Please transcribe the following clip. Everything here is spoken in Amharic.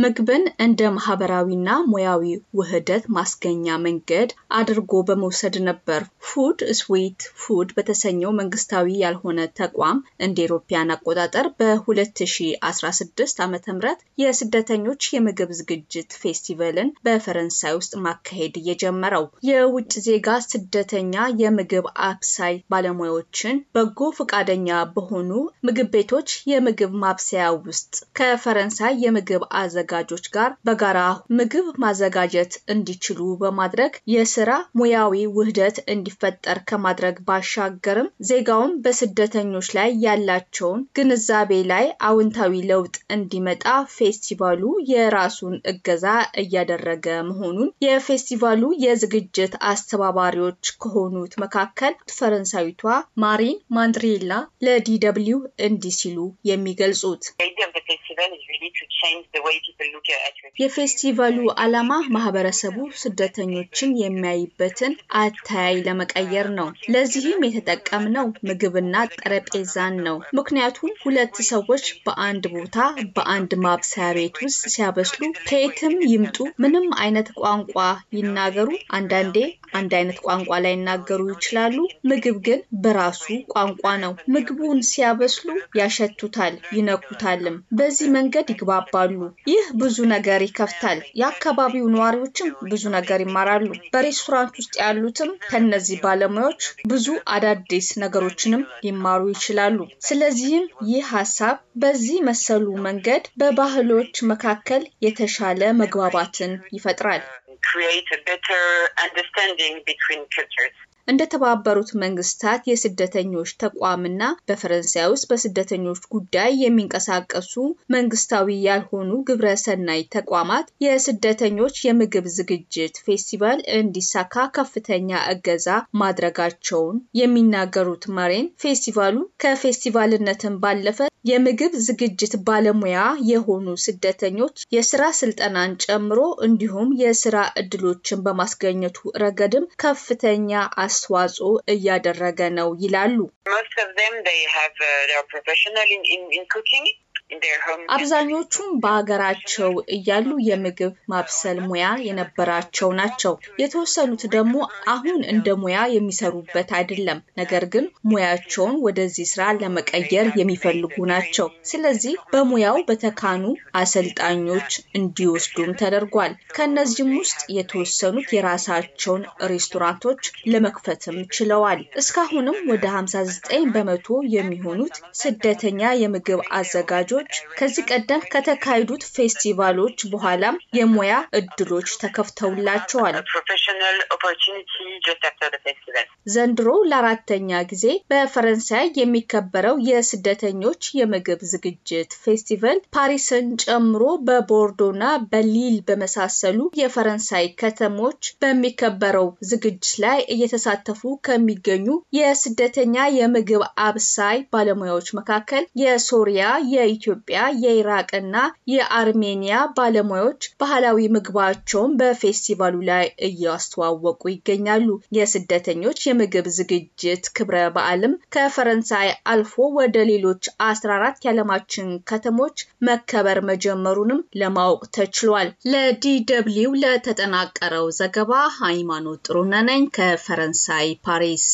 ምግብን እንደ ማህበራዊና ሙያዊ ውህደት ማስገኛ መንገድ አድርጎ በመውሰድ ነበር ፉድ ስዊት ፉድ በተሰኘው መንግስታዊ ያልሆነ ተቋም እንደ ኤሮፓያን አቆጣጠር በ2016 ዓ ም የስደተኞች የምግብ ዝግጅት ፌስቲቫልን በፈረንሳይ ውስጥ ማካሄድ እየጀመረው የውጭ ዜጋ ስደተኛ የምግብ አብሳይ ባለሙያዎችን በጎ ፈቃደኛ በሆኑ ምግብ ቤቶች የምግብ ማብሰያ ውስጥ ከፈረንሳይ የምግብ አዘ አዘጋጆች ጋር በጋራ ምግብ ማዘጋጀት እንዲችሉ በማድረግ የስራ ሙያዊ ውህደት እንዲፈጠር ከማድረግ ባሻገርም ዜጋውን በስደተኞች ላይ ያላቸውን ግንዛቤ ላይ አዎንታዊ ለውጥ እንዲመጣ ፌስቲቫሉ የራሱን እገዛ እያደረገ መሆኑን የፌስቲቫሉ የዝግጅት አስተባባሪዎች ከሆኑት መካከል ፈረንሳዊቷ ማሪን ማንድሪላ ለዲደብሊው እንዲህ ሲሉ የሚገልጹት የፌስቲቫሉ ዓላማ ማህበረሰቡ ስደተኞችን የሚያይበትን አተያይ ለመቀየር ነው። ለዚህም የተጠቀምነው ምግብና ጠረጴዛን ነው። ምክንያቱም ሁለት ሰዎች በአንድ ቦታ በአንድ ማብሰያ ቤት ውስጥ ሲያበስሉ ከየትም ይምጡ፣ ምንም አይነት ቋንቋ ይናገሩ፣ አንዳንዴ አንድ አይነት ቋንቋ ላይ ይናገሩ ይችላሉ። ምግብ ግን በራሱ ቋንቋ ነው። ምግቡን ሲያበስሉ ያሸቱታል፣ ይነኩታልም። በዚህ በዚህ መንገድ ይግባባሉ። ይህ ብዙ ነገር ይከፍታል። የአካባቢው ነዋሪዎችም ብዙ ነገር ይማራሉ። በሬስቶራንት ውስጥ ያሉትም ከነዚህ ባለሙያዎች ብዙ አዳዲስ ነገሮችንም ሊማሩ ይችላሉ። ስለዚህም ይህ ሀሳብ በዚህ መሰሉ መንገድ በባህሎች መካከል የተሻለ መግባባትን ይፈጥራል። እንደተባበሩት መንግስታት የስደተኞች ተቋምና በፈረንሳይ ውስጥ በስደተኞች ጉዳይ የሚንቀሳቀሱ መንግስታዊ ያልሆኑ ግብረሰናይ ተቋማት የስደተኞች የምግብ ዝግጅት ፌስቲቫል እንዲሳካ ከፍተኛ እገዛ ማድረጋቸውን የሚናገሩት መሬን ፌስቲቫሉ ከፌስቲቫልነትን ባለፈ የምግብ ዝግጅት ባለሙያ የሆኑ ስደተኞች የስራ ስልጠናን ጨምሮ እንዲሁም የስራ እድሎችን በማስገኘቱ ረገድም ከፍተኛ አስተዋጽኦ እያደረገ ነው ይላሉ። አብዛኞቹም በሀገራቸው እያሉ የምግብ ማብሰል ሙያ የነበራቸው ናቸው። የተወሰኑት ደግሞ አሁን እንደ ሙያ የሚሰሩበት አይደለም፣ ነገር ግን ሙያቸውን ወደዚህ ስራ ለመቀየር የሚፈልጉ ናቸው። ስለዚህ በሙያው በተካኑ አሰልጣኞች እንዲወስዱም ተደርጓል። ከእነዚህም ውስጥ የተወሰኑት የራሳቸውን ሬስቶራንቶች ለመክፈትም ችለዋል። እስካሁንም ወደ 59 በመቶ የሚሆኑት ስደተኛ የምግብ አዘጋጆች ሰዎች ከዚህ ቀደም ከተካሄዱት ፌስቲቫሎች በኋላም የሙያ እድሎች ተከፍተውላቸዋል። ዘንድሮ ለአራተኛ ጊዜ በፈረንሳይ የሚከበረው የስደተኞች የምግብ ዝግጅት ፌስቲቫል ፓሪስን ጨምሮ በቦርዶና በሊል በመሳሰሉ የፈረንሳይ ከተሞች በሚከበረው ዝግጅት ላይ እየተሳተፉ ከሚገኙ የስደተኛ የምግብ አብሳይ ባለሙያዎች መካከል የሶሪያ፣ የኢትዮጵያ የኢትዮጵያ የኢራቅና የአርሜኒያ ባለሙያዎች ባህላዊ ምግባቸውን በፌስቲቫሉ ላይ እያስተዋወቁ ይገኛሉ። የስደተኞች የምግብ ዝግጅት ክብረ በዓልም ከፈረንሳይ አልፎ ወደ ሌሎች 14 የዓለማችን ከተሞች መከበር መጀመሩንም ለማወቅ ተችሏል። ለዲደብሊው ለተጠናቀረው ዘገባ ሃይማኖት ጥሩነህ ነኝ ከፈረንሳይ ፓሪስ።